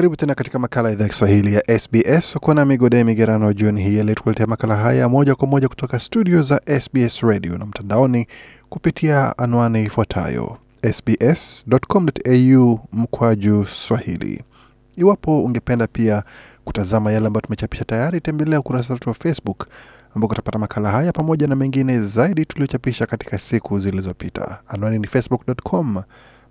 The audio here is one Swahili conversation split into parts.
Karibu tena katika makala ya idhaa ya Kiswahili ya SBS. Uko na Migodea Migerano jioni hii tukuletea makala haya moja kwa moja kutoka studio za SBS radio na mtandaoni kupitia anwani ifuatayo sbs.com.au mkwaju swahili. Iwapo ungependa pia kutazama yale ambayo tumechapisha tayari, tembelea ukurasa wetu wa Facebook ambako utapata makala haya pamoja na mengine zaidi tuliochapisha katika siku zilizopita. Anwani ni facebook.com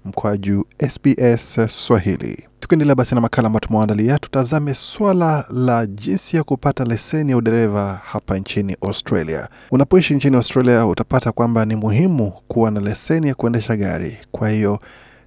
mkwaju SBS Swahili. Tukiendelea basi na makala ambayo tumewaandalia, tutazame swala la jinsi ya kupata leseni ya udereva hapa nchini Australia. Unapoishi nchini Australia, utapata kwamba ni muhimu kuwa na leseni ya kuendesha gari. Kwa hiyo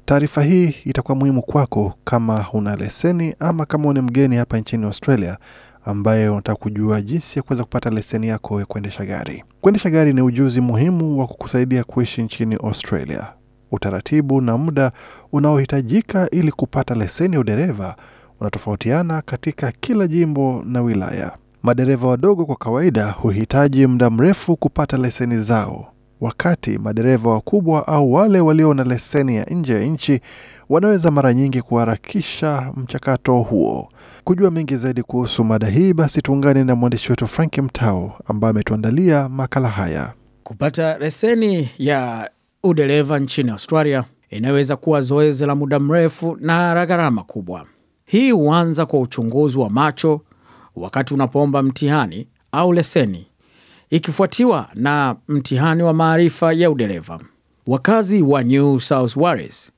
taarifa hii itakuwa muhimu kwako kama una leseni ama kama ni mgeni hapa nchini Australia ambaye unataka kujua jinsi ya kuweza kupata leseni yako ya kuendesha gari. Kuendesha gari ni ujuzi muhimu wa kukusaidia kuishi nchini Australia. Utaratibu na muda unaohitajika ili kupata leseni ya udereva unatofautiana katika kila jimbo na wilaya. Madereva wadogo kwa kawaida huhitaji muda mrefu kupata leseni zao, wakati madereva wakubwa au wale walio na leseni ya nje ya nchi wanaweza mara nyingi kuharakisha mchakato huo. Kujua mengi zaidi kuhusu mada hii, basi tuungane na mwandishi wetu Frank Mtao ambaye ametuandalia makala haya. Kupata leseni ya udereva nchini Australia inaweza kuwa zoezi la muda mrefu na la gharama kubwa. Hii huanza kwa uchunguzi wa macho wakati unapoomba mtihani au leseni, ikifuatiwa na mtihani wa maarifa ya udereva. Wakazi wa New South Wales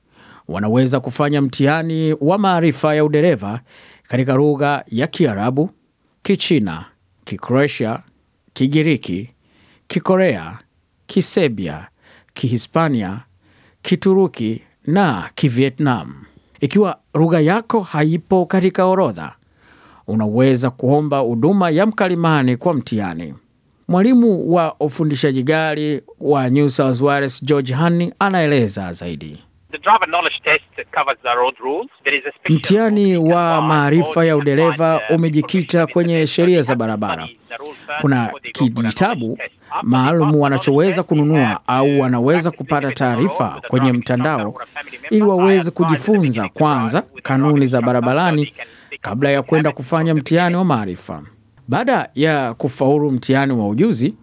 wanaweza kufanya mtihani wa maarifa ya udereva katika lugha ya Kiarabu, Kichina, Kikroatia, Kigiriki, Kikorea, Kisebia, Kihispania, Kituruki na Kivietnam. Ikiwa lugha yako haipo katika orodha, unaweza kuomba huduma ya mkalimani kwa mtihani. Mwalimu wa ufundishaji gari wa New South Wales George Hani anaeleza zaidi. Mtihani wa maarifa ya udereva uh, umejikita kwenye sheria za barabara. Kuna kijitabu maalum wanachoweza kununua au wanaweza kupata taarifa kwenye mtandao ili waweze kujifunza kwanza kanuni za barabarani kabla ya kwenda kufanya mtihani wa maarifa. Baada ya kufaulu mtihani wa ujuzi,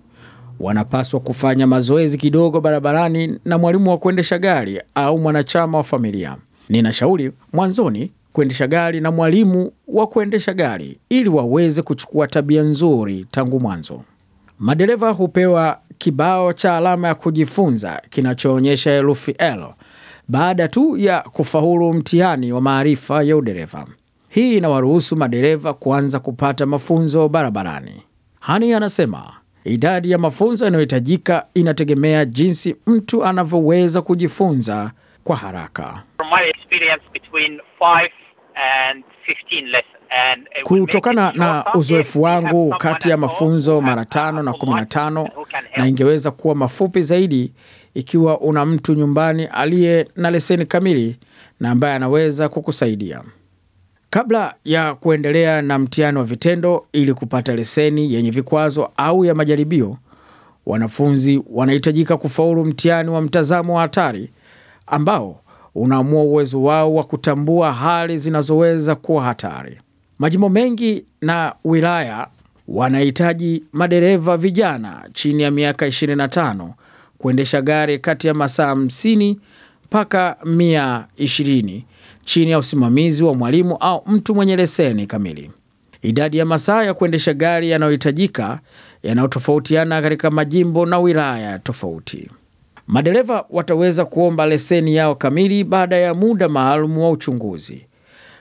wanapaswa kufanya mazoezi kidogo barabarani na mwalimu wa kuendesha gari au mwanachama wa familia. Ninashauri mwanzoni kuendesha gari na mwalimu wa kuendesha gari ili waweze kuchukua tabia nzuri tangu mwanzo. Madereva hupewa kibao cha alama ya kujifunza kinachoonyesha herufi L baada tu ya kufaulu mtihani wa maarifa ya udereva. Hii inawaruhusu madereva kuanza kupata mafunzo barabarani. Hani anasema idadi ya mafunzo yanayohitajika inategemea jinsi mtu anavyoweza kujifunza kwa haraka. From my experience, between 5 and 15 lessons. Eh, Kutokana na uzoefu wangu, kati ya mafunzo mara tano na kumi na tano, na ingeweza kuwa mafupi zaidi ikiwa una mtu nyumbani aliye na leseni kamili na ambaye anaweza kukusaidia. Kabla ya kuendelea na mtihani wa vitendo ili kupata leseni yenye vikwazo au ya majaribio, wanafunzi wanahitajika kufaulu mtihani wa mtazamo wa hatari ambao unaamua uwezo wao wa kutambua hali zinazoweza kuwa hatari. Majimbo mengi na wilaya wanahitaji madereva vijana chini ya miaka 25 kuendesha gari kati ya masaa 50 mpaka 120 chini ya usimamizi wa mwalimu au mtu mwenye leseni kamili. Idadi ya masaa ya kuendesha gari yanayohitajika yanayotofautiana katika majimbo na wilaya tofauti. Madereva wataweza kuomba leseni yao kamili baada ya muda maalum wa uchunguzi.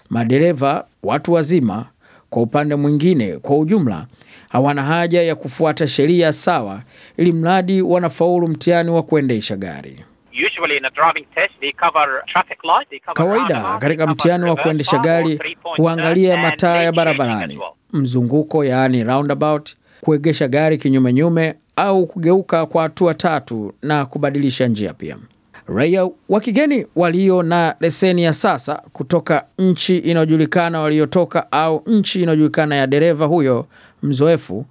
Madereva watu wazima, kwa upande mwingine, kwa ujumla hawana haja ya kufuata sheria sawa, ili mradi wanafaulu mtihani wa kuendesha gari. Kawaida katika mtihani wa kuendesha gari huangalia mataa ya barabarani, mzunguko yaani roundabout, kuegesha gari kinyumenyume au kugeuka kwa hatua tatu na kubadilisha njia pia. Raia wa kigeni walio na leseni ya sasa kutoka nchi inayojulikana waliotoka au nchi inayojulikana ya dereva huyo mzoefu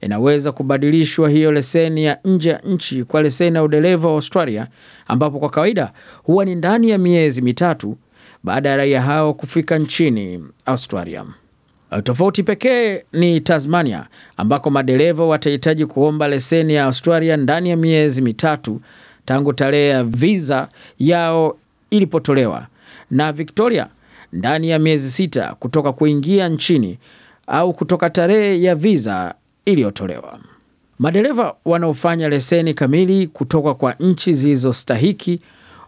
inaweza kubadilishwa hiyo leseni ya nje ya nchi kwa leseni ya udereva wa Australia, ambapo kwa kawaida huwa ni ndani ya miezi mitatu baada ya raia hao kufika nchini Australia. Tofauti pekee ni Tasmania, ambako madereva watahitaji kuomba leseni ya Australia ndani ya miezi mitatu tangu tarehe ya viza yao ilipotolewa na Victoria ndani ya miezi sita kutoka kuingia nchini au kutoka tarehe ya viza iliyotolewa. Madereva wanaofanya leseni kamili kutoka kwa nchi zilizostahiki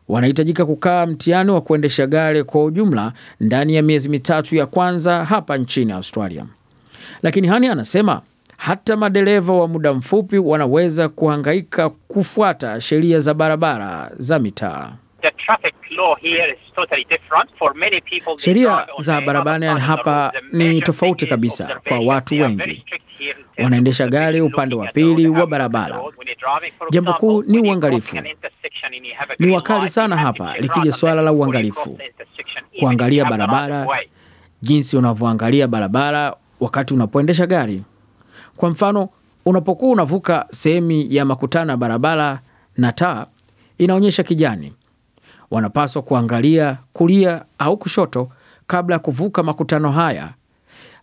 wanahitajika kukaa mtihani wa kuendesha gari kwa ujumla ndani ya miezi mitatu ya kwanza hapa nchini Australia. Lakini Hani anasema hata madereva wa muda mfupi wanaweza kuhangaika kufuata sheria za barabara za mitaa. Totally sheria za barabarani hapa ni tofauti kabisa kwa watu wengi wanaendesha gari upande wa pili wa barabara. Jambo kuu ni uangalifu. Ni wakali sana hapa likija swala la uangalifu, kuangalia barabara, jinsi unavyoangalia barabara wakati unapoendesha gari. Kwa mfano, unapokuwa unavuka sehemu ya makutano ya barabara na taa inaonyesha kijani, wanapaswa kuangalia kulia au kushoto kabla ya kuvuka makutano haya,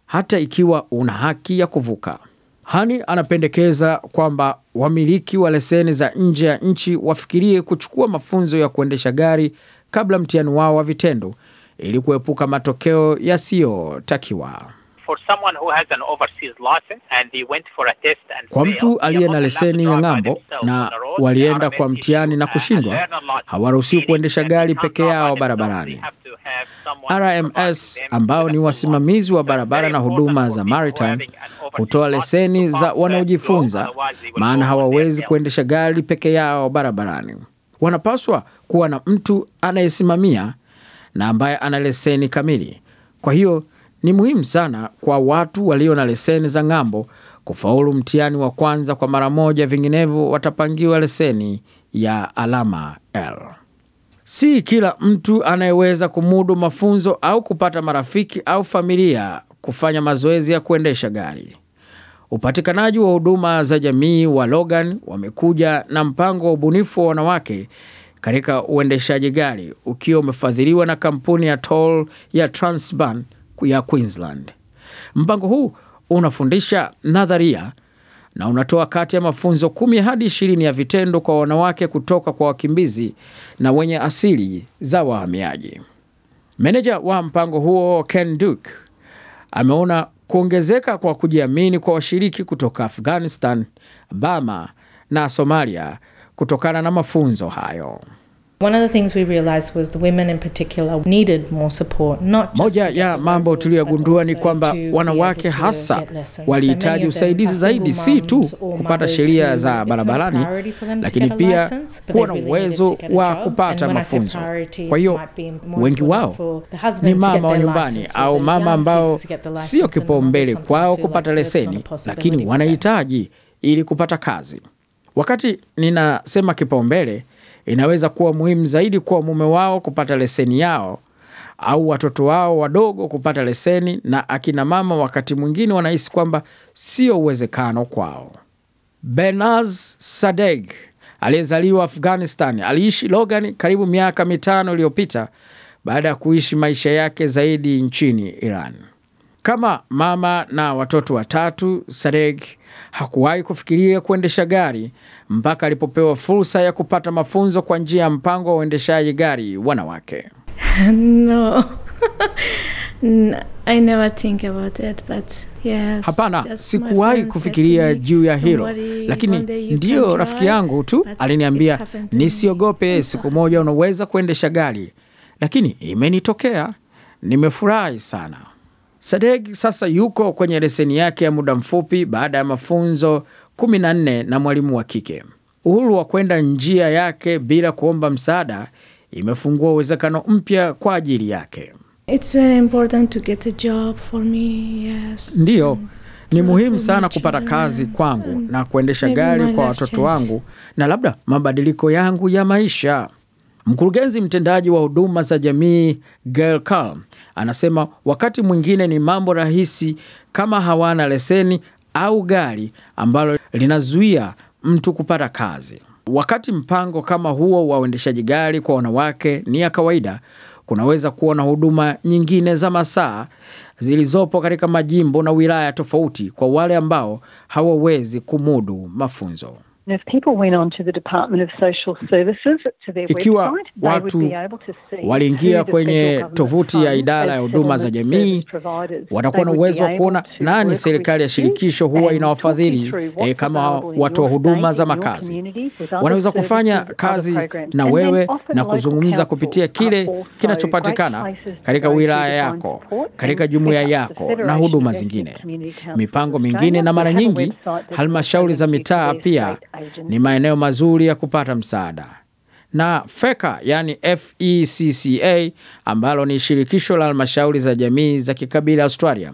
hata ikiwa una haki ya kuvuka. Hani anapendekeza kwamba wamiliki wa leseni za nje ya nchi wafikirie kuchukua mafunzo ya kuendesha gari kabla mtihani wao wa vitendo ili kuepuka matokeo yasiyotakiwa for someone who has an overseas license and they went for a test and kwa mtu aliye na leseni ya ng'ambo na walienda kwa mtihani na uh, kushindwa, hawaruhusiwi kuendesha gari peke yao barabarani. RMS ambao ni wasimamizi wa barabara na huduma za maritime hutoa leseni za wanaojifunza, maana hawawezi kuendesha gari peke yao barabarani. Wanapaswa kuwa na mtu anayesimamia na ambaye ana leseni kamili. Kwa hiyo ni muhimu sana kwa watu walio na leseni za ng'ambo kufaulu mtihani wa kwanza kwa mara moja, vinginevyo watapangiwa leseni ya alama L. Si kila mtu anayeweza kumudu mafunzo au kupata marafiki au familia kufanya mazoezi ya kuendesha gari. Upatikanaji wa huduma za jamii wa Logan wamekuja na mpango wa ubunifu wa wanawake katika uendeshaji gari ukiwa umefadhiliwa na kampuni ya toll ya Transban ya Queensland. Mpango huu unafundisha nadharia na unatoa kati ya mafunzo kumi hadi ishirini ya vitendo kwa wanawake kutoka kwa wakimbizi na wenye asili za wahamiaji. Meneja wa mpango huo Ken Duke ameona kuongezeka kwa kujiamini kwa washiriki kutoka Afghanistan, bama na Somalia kutokana na mafunzo hayo. Moja ya mambo tuliyogundua ni kwamba wanawake hasa walihitaji usaidizi zaidi, si tu kupata sheria za barabarani, lakini pia kuwa na uwezo wa kupata mafunzo. Kwa hiyo wengi wao ni mama wa nyumbani au mama ambao sio kipaumbele kwao kupata leseni, lakini wanahitaji ili kupata kazi. Wakati ninasema kipaumbele inaweza kuwa muhimu zaidi kuwa mume wao kupata leseni yao au watoto wao wadogo kupata leseni, na akina mama wakati mwingine wanahisi kwamba sio uwezekano kwao. Benaz Sadeg aliyezaliwa Afghanistan aliishi Logan karibu miaka mitano iliyopita baada ya kuishi maisha yake zaidi nchini Iran. Kama mama na watoto watatu, Sareg hakuwahi kufikiria kuendesha gari mpaka alipopewa fursa ya kupata mafunzo kwa njia ya mpango wa uendeshaji gari wanawake. No. I never think about it, but yes, hapana, sikuwahi kufikiria juu ya hilo, lakini ndiyo rafiki yangu tu aliniambia nisiogope, siku moja unaweza kuendesha gari, lakini imenitokea. Nimefurahi sana sadeg sasa yuko kwenye leseni yake ya muda mfupi baada ya mafunzo 14 na mwalimu wa kike. Uhuru wa kwenda njia yake bila kuomba msaada imefungua uwezekano mpya kwa ajili yake. It's very important to get a job for me, yes. Ndiyo, mm. ni muhimu sana kupata kazi kwangu mm. na kuendesha gari kwa watoto wangu na labda mabadiliko yangu ya maisha. Mkurugenzi mtendaji wa huduma za jamii Gail Calm anasema wakati mwingine ni mambo rahisi kama hawana leseni au gari ambalo linazuia mtu kupata kazi. Wakati mpango kama huo wa uendeshaji gari kwa wanawake ni ya kawaida, kunaweza kuwa na huduma nyingine za masaa zilizopo katika majimbo na wilaya tofauti kwa wale ambao hawawezi kumudu mafunzo. Ikiwa watu waliingia kwenye tovuti ya idara ya huduma za jamii, watakuwa na uwezo wa kuona nani serikali ya shirikisho huwa inawafadhili e, kama watoa huduma za makazi. Wanaweza kufanya kazi na wewe na kuzungumza kupitia kile kinachopatikana katika wilaya yako, katika jumuiya yako na huduma zingine, mipango mingine, na mara nyingi halmashauri za mitaa pia ni maeneo mazuri ya kupata msaada. Na feka yani FECCA ambalo ni shirikisho la halmashauri za jamii za kikabila Australia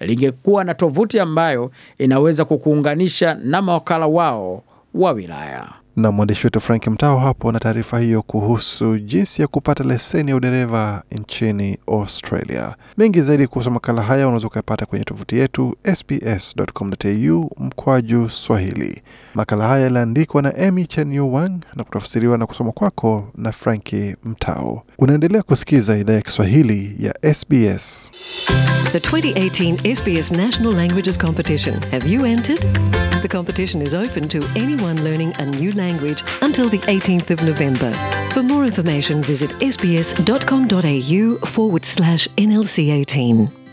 lingekuwa na tovuti ambayo inaweza kukuunganisha na mawakala wao wa wilaya na mwandishi wetu Frank Mtao hapo na taarifa hiyo kuhusu jinsi ya kupata leseni ya udereva nchini Australia. Mengi zaidi kuhusu makala haya unaweza ukayapata kwenye tovuti yetu sbs.com.au mkwaju Swahili. Makala haya yaliandikwa na Emy Chenyuwang na kutafsiriwa na kusoma kwako na Franki Mtao. Unaendelea kusikiza idhaa ya Kiswahili ya SBS. The 2018 SBS National Languages Competition. Have you entered? The competition is open to anyone learning a new language language until the 18th of November. For more information, visit sbs.com.au forward slash NLC 18.